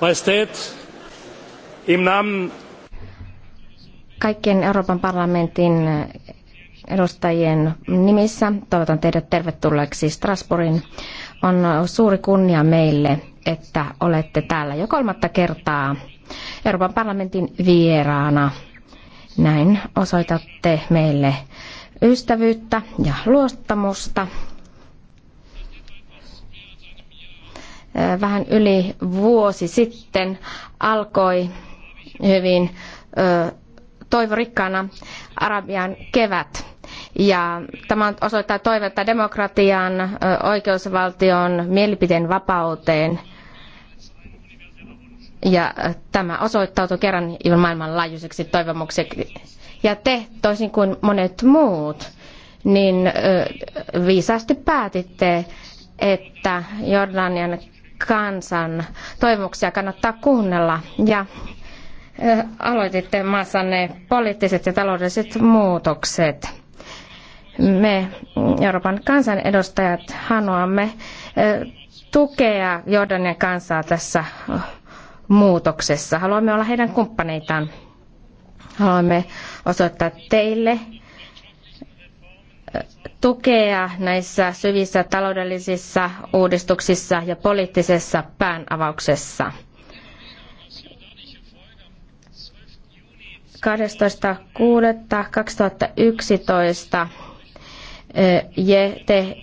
Majestät, im Namen kaikkien Euroopan parlamentin edustajien nimissä toivotan teidät tervetulleeksi Strasbourgin. On suuri kunnia meille, että olette täällä jo kolmatta kertaa Euroopan parlamentin vieraana. Näin osoitatte meille ystävyyttä ja luottamusta vähän yli vuosi sitten alkoi hyvin toivorikkaana Arabian kevät. Ja tämä osoittaa toivetta demokratiaan, oikeusvaltioon, mielipiteen vapauteen. Ja tämä osoittautui kerran maailmanlaajuiseksi toivomukseksi. Ja te, toisin kuin monet muut, niin viisaasti päätitte, että Jordanian kansan toivomuksia kannattaa kuunnella. Ja aloititte maassanne poliittiset ja taloudelliset muutokset. Me Euroopan kansanedustajat haluamme tukea Jordanian kansaa tässä muutoksessa. Haluamme olla heidän kumppaneitaan. Haluamme osoittaa teille tukea näissä syvissä taloudellisissa uudistuksissa ja poliittisessa päänavauksessa. 12.6.2011 eh, te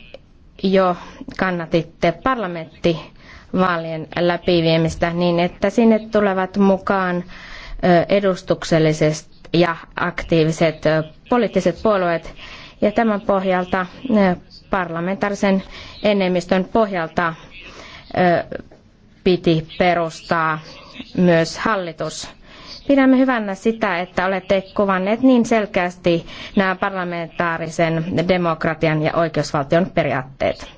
jo kannatitte parlamenttivaalien läpiviemistä niin, että sinne tulevat mukaan eh, edustukselliset ja aktiiviset eh, poliittiset puolueet ja tämän pohjalta parlamentaarisen enemmistön pohjalta piti perustaa myös hallitus. Pidämme hyvänä sitä, että olette kuvanneet niin selkeästi nämä parlamentaarisen demokratian ja oikeusvaltion periaatteet.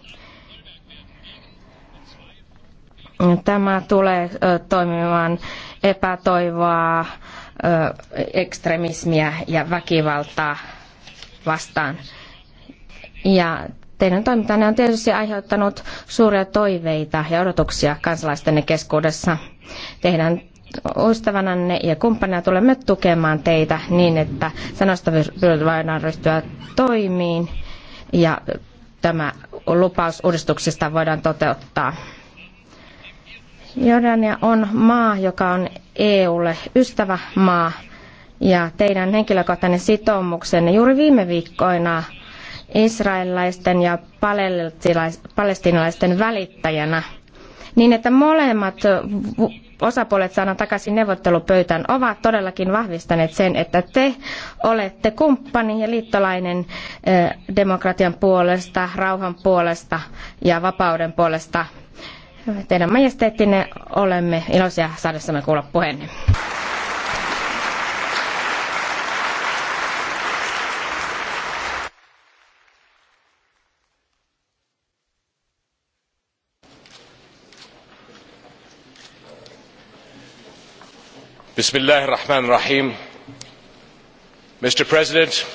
Tämä tulee toimimaan epätoivoa, ekstremismiä ja väkivaltaa vastaan. Ja teidän toimintanne on tietysti aiheuttanut suuria toiveita ja odotuksia kansalaistenne keskuudessa. Teidän ystävänänne ja kumppanina tulemme tukemaan teitä niin, että sanoista voidaan ryhtyä toimiin ja tämä lupaus uudistuksista voidaan toteuttaa. Jordania on maa, joka on EUlle ystävämaa ja teidän henkilökohtainen sitoumuksenne juuri viime viikkoina israelilaisten ja palestinalaisten välittäjänä, niin että molemmat osapuolet saadaan takaisin neuvottelupöytään, ovat todellakin vahvistaneet sen, että te olette kumppani ja liittolainen eh, demokratian puolesta, rauhan puolesta ja vapauden puolesta. Teidän majesteettinne olemme iloisia saadessamme kuulla puheenne. Bismillah rahman rahim Mr. President,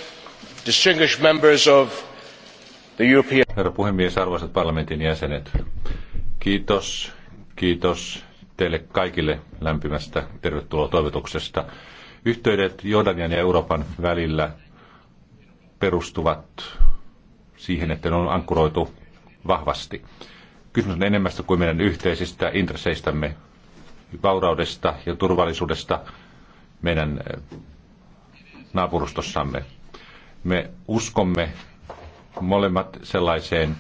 distinguished members of the European... Herra puhemies, arvoisat parlamentin jäsenet, kiitos, kiitos teille kaikille lämpimästä tervetuloa toivotuksesta. Yhteydet Jordanian ja Euroopan välillä perustuvat siihen, että ne on ankkuroitu vahvasti. Kysymys on enemmästä kuin meidän yhteisistä intresseistämme vauraudesta ja turvallisuudesta meidän eh, naapurustossamme. Me uskomme molemmat sellaiseen,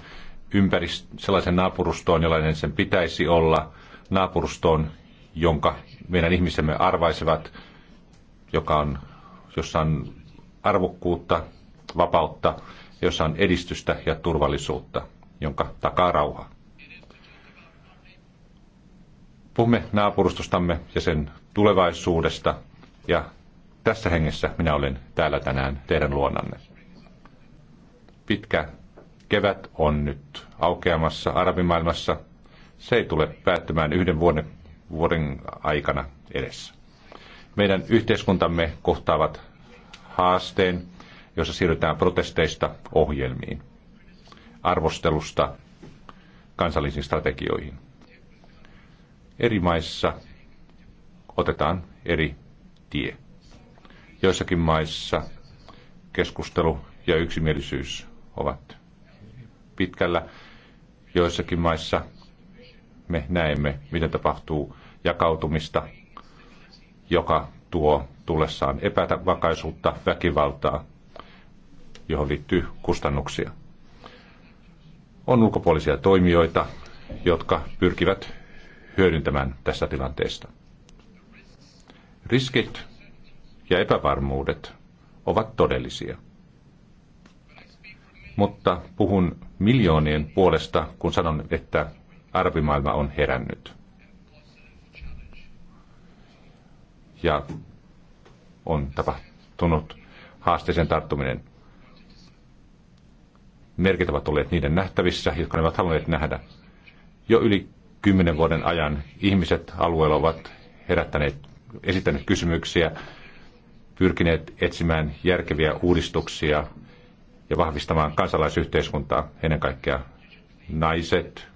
ympärist- sellaisen naapurustoon, jollainen sen pitäisi olla, naapurustoon, jonka meidän ihmisemme arvaisevat, joka on, jossa on arvokkuutta, vapautta, jossa on edistystä ja turvallisuutta, jonka takaa rauha. Puhumme naapurustostamme ja sen tulevaisuudesta ja tässä hengessä minä olen täällä tänään teidän luonnanne. Pitkä kevät on nyt aukeamassa arabimaailmassa. Se ei tule päättymään yhden vuoden, vuoden aikana edessä. Meidän yhteiskuntamme kohtaavat haasteen, jossa siirrytään protesteista ohjelmiin, arvostelusta kansallisiin strategioihin. Eri maissa otetaan eri tie. Joissakin maissa keskustelu ja yksimielisyys ovat pitkällä. Joissakin maissa me näemme, miten tapahtuu jakautumista, joka tuo tullessaan epävakaisuutta, väkivaltaa, johon liittyy kustannuksia. On ulkopuolisia toimijoita, jotka pyrkivät hyödyntämään tässä tilanteesta. Riskit ja epävarmuudet ovat todellisia. Mutta puhun miljoonien puolesta, kun sanon, että arvimaailma on herännyt. Ja on tapahtunut haasteeseen tarttuminen. Merkit ovat olleet niiden nähtävissä, jotka ne ovat halunneet nähdä. Jo yli kymmenen vuoden ajan ihmiset alueella ovat herättäneet, esittäneet kysymyksiä, pyrkineet etsimään järkeviä uudistuksia ja vahvistamaan kansalaisyhteiskuntaa, ennen kaikkea naiset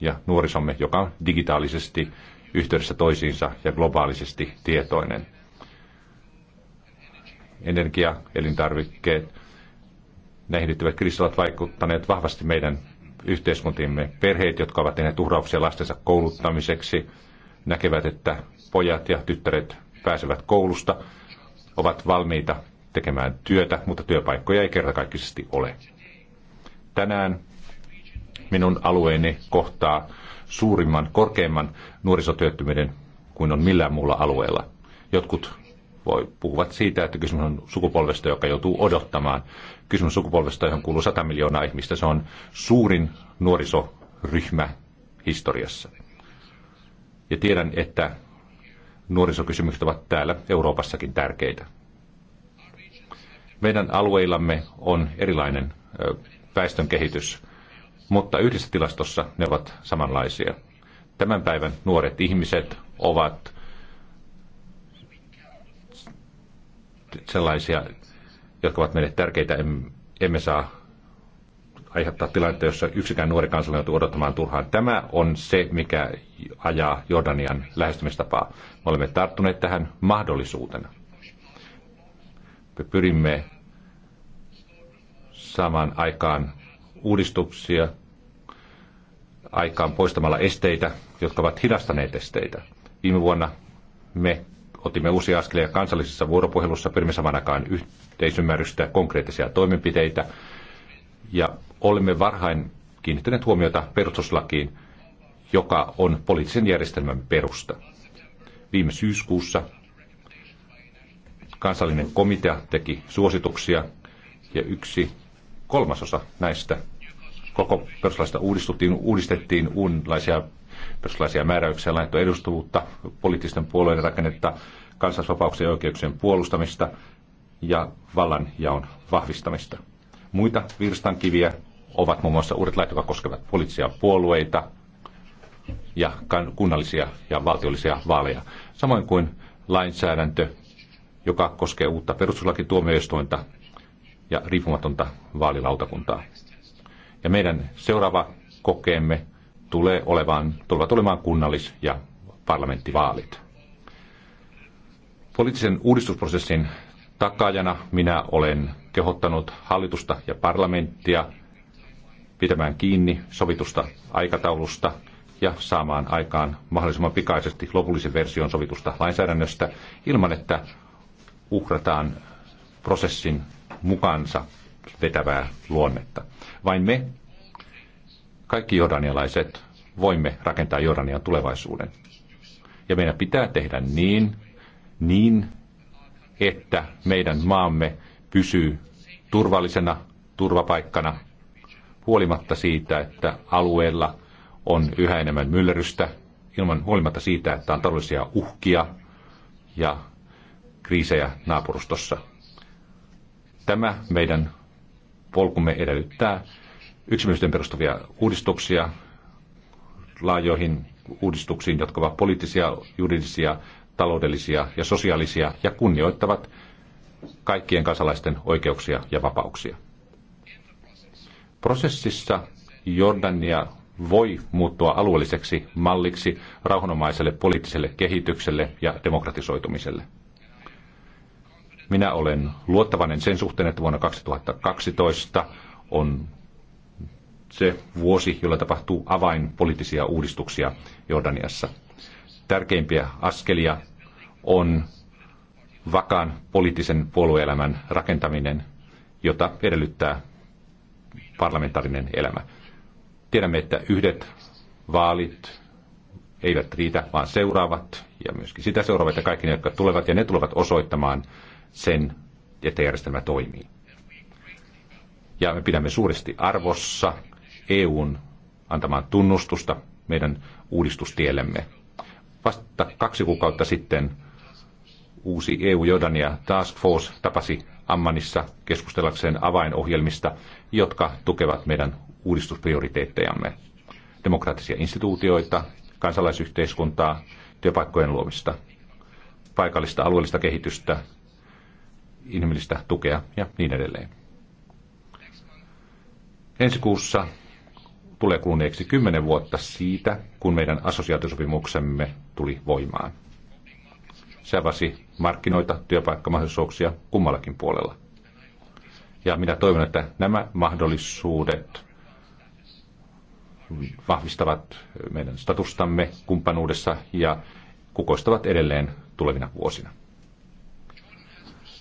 ja nuorisomme, joka on digitaalisesti yhteydessä toisiinsa ja globaalisesti tietoinen. Energia, elintarvikkeet, näihin liittyvät kriisit ovat vaikuttaneet vahvasti meidän yhteiskuntimme perheet, jotka ovat tehneet uhrauksia lastensa kouluttamiseksi, näkevät, että pojat ja tyttäret pääsevät koulusta, ovat valmiita tekemään työtä, mutta työpaikkoja ei kertakaikkisesti ole. Tänään minun alueeni kohtaa suurimman, korkeimman nuorisotyöttömyyden kuin on millään muulla alueella. Jotkut voi, puhuvat siitä, että kysymys on sukupolvesta, joka joutuu odottamaan. Kysymys sukupolvesta, johon kuuluu 100 miljoonaa ihmistä. Se on suurin nuorisoryhmä historiassa. Ja tiedän, että nuorisokysymykset ovat täällä Euroopassakin tärkeitä. Meidän alueillamme on erilainen väestön kehitys, mutta yhdessä tilastossa ne ovat samanlaisia. Tämän päivän nuoret ihmiset ovat sellaisia, jotka ovat meille tärkeitä. Emme saa aiheuttaa tilannetta, jossa yksikään nuori kansalainen joutuu odottamaan turhaan. Tämä on se, mikä ajaa Jordanian lähestymistapaa. Me olemme tarttuneet tähän mahdollisuutena. Me pyrimme saamaan aikaan uudistuksia, aikaan poistamalla esteitä, jotka ovat hidastaneet esteitä. Viime vuonna me otimme uusia askelia kansallisessa vuoropuhelussa, pyrimme saman aikaan yhteisymmärrystä, konkreettisia toimenpiteitä ja olimme varhain kiinnittäneet huomiota perustuslakiin, joka on poliittisen järjestelmän perusta. Viime syyskuussa kansallinen komitea teki suosituksia ja yksi kolmasosa näistä koko perustuslaista uudistettiin, uudistettiin uudenlaisia perustuslaisia määräyksiä, lainattu edustuvuutta poliittisten puolueiden rakennetta, kansallisvapauksien ja oikeuksien puolustamista ja vallanjaon vahvistamista. Muita virstankiviä ovat muun muassa uudet lait, jotka koskevat poliittisia puolueita ja kunnallisia ja valtiollisia vaaleja, samoin kuin lainsäädäntö, joka koskee uutta perustuslakituomioistuinta ja riippumatonta vaalilautakuntaa. Ja meidän seuraava kokeemme tulee olevan, tulevat olemaan kunnallis- ja parlamenttivaalit. Poliittisen uudistusprosessin takajana minä olen kehottanut hallitusta ja parlamenttia pitämään kiinni sovitusta aikataulusta ja saamaan aikaan mahdollisimman pikaisesti lopullisen version sovitusta lainsäädännöstä ilman, että uhrataan prosessin mukaansa vetävää luonnetta. Vain me kaikki jordanialaiset voimme rakentaa Jordanian tulevaisuuden. Ja meidän pitää tehdä niin, niin että meidän maamme pysyy turvallisena turvapaikkana huolimatta siitä, että alueella on yhä enemmän myllerrystä, ilman huolimatta siitä, että on taloudellisia uhkia ja kriisejä naapurustossa. Tämä meidän polkumme edellyttää yksimielisyyteen perustuvia uudistuksia, laajoihin uudistuksiin, jotka ovat poliittisia, juridisia, taloudellisia ja sosiaalisia ja kunnioittavat kaikkien kansalaisten oikeuksia ja vapauksia. Prosessissa Jordania voi muuttua alueelliseksi malliksi rauhanomaiselle poliittiselle kehitykselle ja demokratisoitumiselle. Minä olen luottavainen sen suhteen, että vuonna 2012 on se vuosi, jolla tapahtuu avainpoliittisia uudistuksia Jordaniassa. Tärkeimpiä askelia on vakaan poliittisen puolueelämän rakentaminen, jota edellyttää parlamentaarinen elämä. Tiedämme, että yhdet vaalit eivät riitä, vaan seuraavat ja myöskin sitä seuraavat ja kaikki ne, jotka tulevat, ja ne tulevat osoittamaan sen, että järjestelmä toimii. Ja me pidämme suuresti arvossa EUn antamaan tunnustusta meidän uudistustiellemme. Vasta kaksi kuukautta sitten uusi EU-Jordania Task Force tapasi Ammanissa keskustellakseen avainohjelmista, jotka tukevat meidän uudistusprioriteettejamme. Demokraattisia instituutioita, kansalaisyhteiskuntaa, työpaikkojen luomista, paikallista alueellista kehitystä, inhimillistä tukea ja niin edelleen. Ensi kuussa tulee kuluneeksi kymmenen vuotta siitä, kun meidän assosiaatiosopimuksemme tuli voimaan. Se avasi markkinoita, työpaikkamahdollisuuksia kummallakin puolella. Ja minä toivon, että nämä mahdollisuudet vahvistavat meidän statustamme kumppanuudessa ja kukoistavat edelleen tulevina vuosina.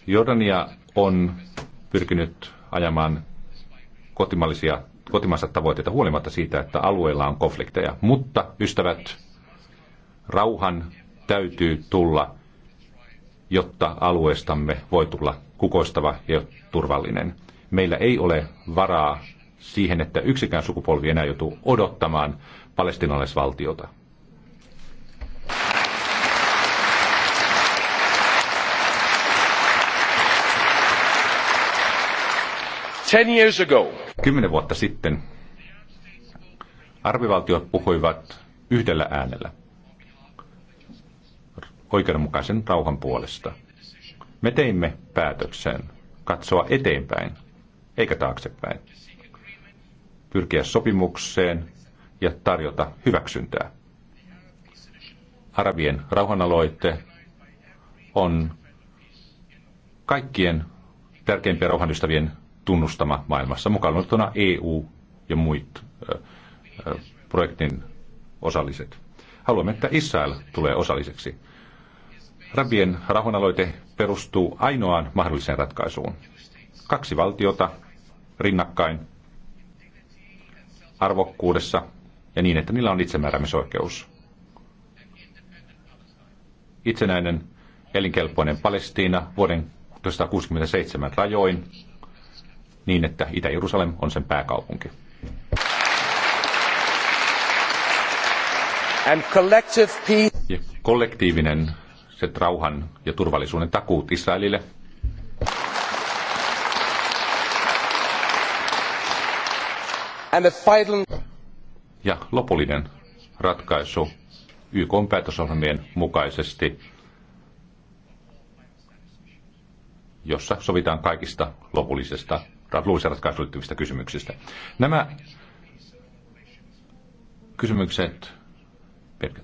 Jordania on pyrkinyt ajamaan kotimallisia kotimaista tavoitteita huolimatta siitä, että alueella on konflikteja. Mutta, ystävät, rauhan täytyy tulla, jotta alueestamme voi tulla kukoistava ja turvallinen. Meillä ei ole varaa siihen, että yksikään sukupolvi enää joutuu odottamaan palestinalaisvaltiota. Ten years ago. Kymmenen vuotta sitten arvivaltiot puhuivat yhdellä äänellä oikeudenmukaisen rauhan puolesta. Me teimme päätöksen katsoa eteenpäin, eikä taaksepäin. Pyrkiä sopimukseen ja tarjota hyväksyntää. Arabien rauhanaloitte on kaikkien tärkeimpien rauhanystävien tunnustama maailmassa, mukaan luettuna EU ja muut projektin osalliset. Haluamme, että Israel tulee osalliseksi. Rabien rauhanaloite perustuu ainoaan mahdolliseen ratkaisuun. Kaksi valtiota rinnakkain arvokkuudessa ja niin, että niillä on itsemääräämisoikeus. Itsenäinen elinkelpoinen Palestiina vuoden 1967 rajoin niin, että Itä-Jerusalem on sen pääkaupunki. And collective peace. Ja kollektiivinen se rauhan ja turvallisuuden takuut Israelille. And the final... Ja lopullinen ratkaisu YK päätösohjelmien mukaisesti, jossa sovitaan kaikista lopullisesta luulisen ratkaisuun liittyvistä kysymyksistä. Nämä kysymykset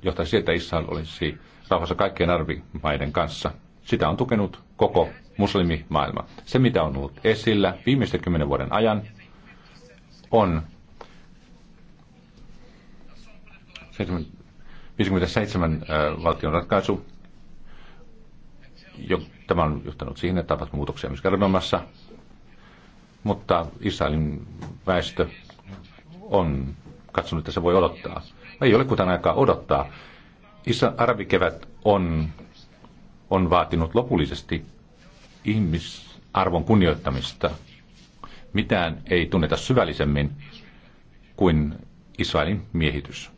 johtaisi siihen, että Israel olisi rauhassa kaikkien arvimaiden kanssa. Sitä on tukenut koko muslimimaailma. Se, mitä on ollut esillä viimeisten kymmenen vuoden ajan, on 57 äh, valtion ratkaisu. tämä on johtanut siihen, että tapahtuu muutoksia myös Kardonassa mutta Israelin väestö on katsonut, että se voi odottaa. Ei ole kuten aikaa odottaa. Isä arvikevät on, on vaatinut lopullisesti ihmisarvon kunnioittamista. Mitään ei tunneta syvällisemmin kuin Israelin miehitys.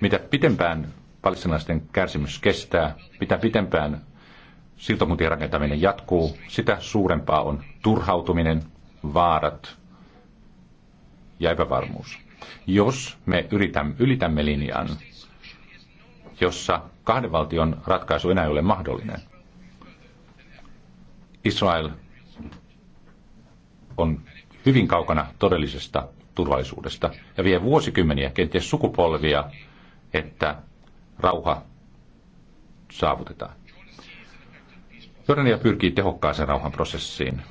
Mitä pitempään palestinaisten kärsimys kestää, mitä pitempään siltakuntien rakentaminen jatkuu, sitä suurempaa on turhautuminen, vaarat ja epävarmuus. Jos me yritämme, ylitämme linjan, jossa kahden valtion ratkaisu enää ei ole mahdollinen, Israel on hyvin kaukana todellisesta turvallisuudesta ja vie vuosikymmeniä, kenties sukupolvia, että rauha saavutetaan. Jordania pyrkii tehokkaaseen rauhanprosessiin.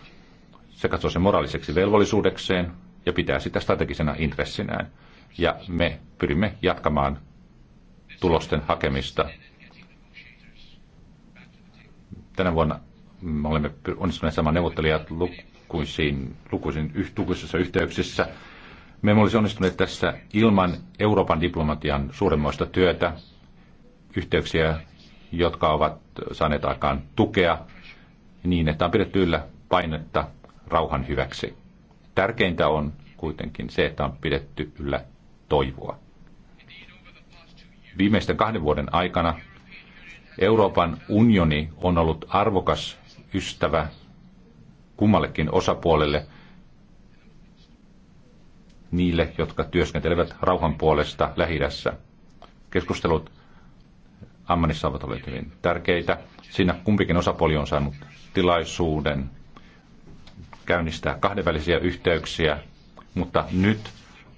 Se katsoo sen moraaliseksi velvollisuudekseen ja pitää sitä strategisena intressinään. Ja me pyrimme jatkamaan tulosten hakemista. Tänä vuonna me olemme onnistuneet saamaan neuvottelijat lukuisiin, lukuisiin lukuisissa yhteyksissä. Me emme olisi onnistuneet tässä ilman Euroopan diplomatian suuremmoista työtä, yhteyksiä jotka ovat saaneet aikaan tukea niin, että on pidetty yllä painetta rauhan hyväksi. Tärkeintä on kuitenkin se, että on pidetty yllä toivoa. Viimeisten kahden vuoden aikana Euroopan unioni on ollut arvokas ystävä kummallekin osapuolelle, niille, jotka työskentelevät rauhan puolesta lähidässä. Keskustelut Ammanissa ovat olleet hyvin tärkeitä. Siinä kumpikin osapuoli on saanut tilaisuuden käynnistää kahdenvälisiä yhteyksiä, mutta nyt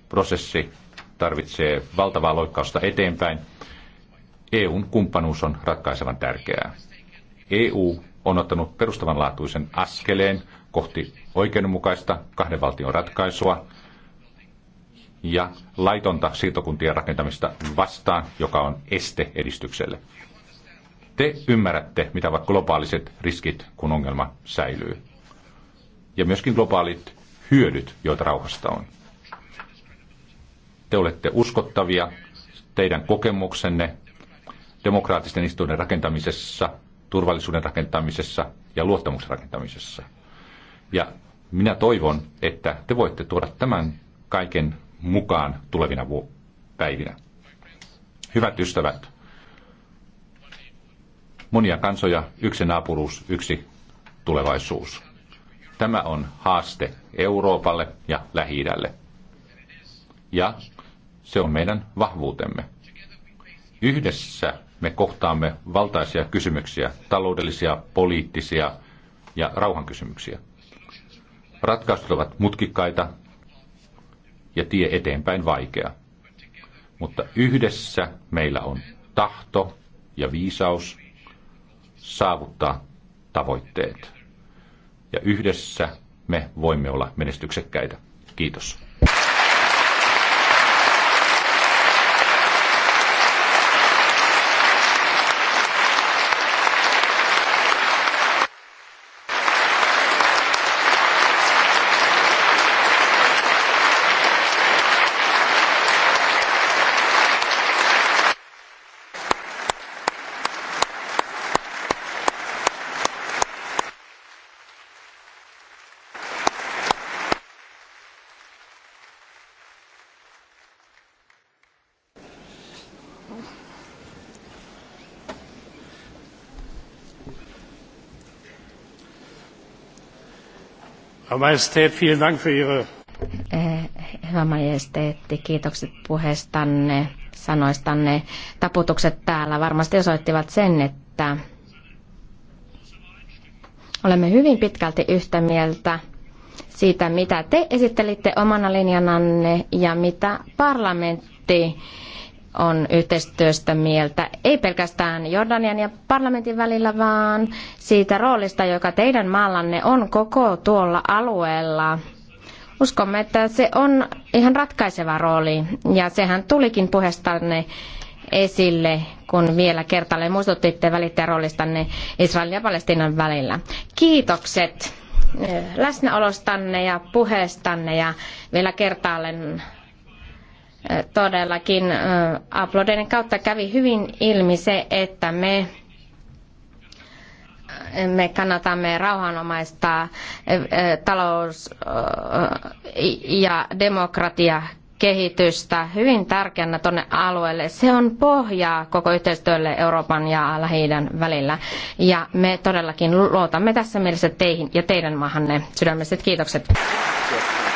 prosessi tarvitsee valtavaa loikkausta eteenpäin. EUn kumppanuus on ratkaisevan tärkeää. EU on ottanut perustavanlaatuisen askeleen kohti oikeudenmukaista kahden valtion ratkaisua – ja laitonta siirtokuntien rakentamista vastaan, joka on este edistykselle. Te ymmärrätte, mitä ovat globaaliset riskit, kun ongelma säilyy. Ja myöskin globaalit hyödyt, joita rauhasta on. Te olette uskottavia, teidän kokemuksenne demokraattisten instituutioiden rakentamisessa, turvallisuuden rakentamisessa ja luottamuksen rakentamisessa. Ja minä toivon, että te voitte tuoda tämän kaiken mukaan tulevina päivinä. Hyvät ystävät, monia kansoja, yksi naapuruus, yksi tulevaisuus. Tämä on haaste Euroopalle ja lähi -idälle. Ja se on meidän vahvuutemme. Yhdessä me kohtaamme valtaisia kysymyksiä, taloudellisia, poliittisia ja rauhankysymyksiä. Ratkaisut ovat mutkikkaita ja tie eteenpäin vaikea. Mutta yhdessä meillä on tahto ja viisaus saavuttaa tavoitteet. Ja yhdessä me voimme olla menestyksekkäitä. Kiitos. Majestät, vielen Dank für Ihre... Eh, Hyvä majesteetti, kiitokset puheestanne, sanoistanne. Taputukset täällä varmasti osoittivat sen, että olemme hyvin pitkälti yhtä mieltä siitä, mitä te esittelitte omana linjananne ja mitä parlamentti on yhteistyöstä mieltä ei pelkästään Jordanian ja parlamentin välillä, vaan siitä roolista, joka teidän maallanne on koko tuolla alueella. Uskomme, että se on ihan ratkaiseva rooli ja sehän tulikin puheestanne esille, kun vielä kertaalleen muistutitte välittäjäroolistanne Israelin ja Palestiinan välillä. Kiitokset eh, läsnäolostanne ja puheestanne ja vielä kertaalleen todellakin uploadeiden kautta kävi hyvin ilmi se, että me me kannatamme rauhanomaista talous- ja demokratiakehitystä hyvin tärkeänä tuonne alueelle. Se on pohjaa koko yhteistyölle Euroopan ja lähi välillä. Ja me todellakin luotamme tässä mielessä teihin ja teidän maahanne. Sydämelliset kiitokset. Kiitos.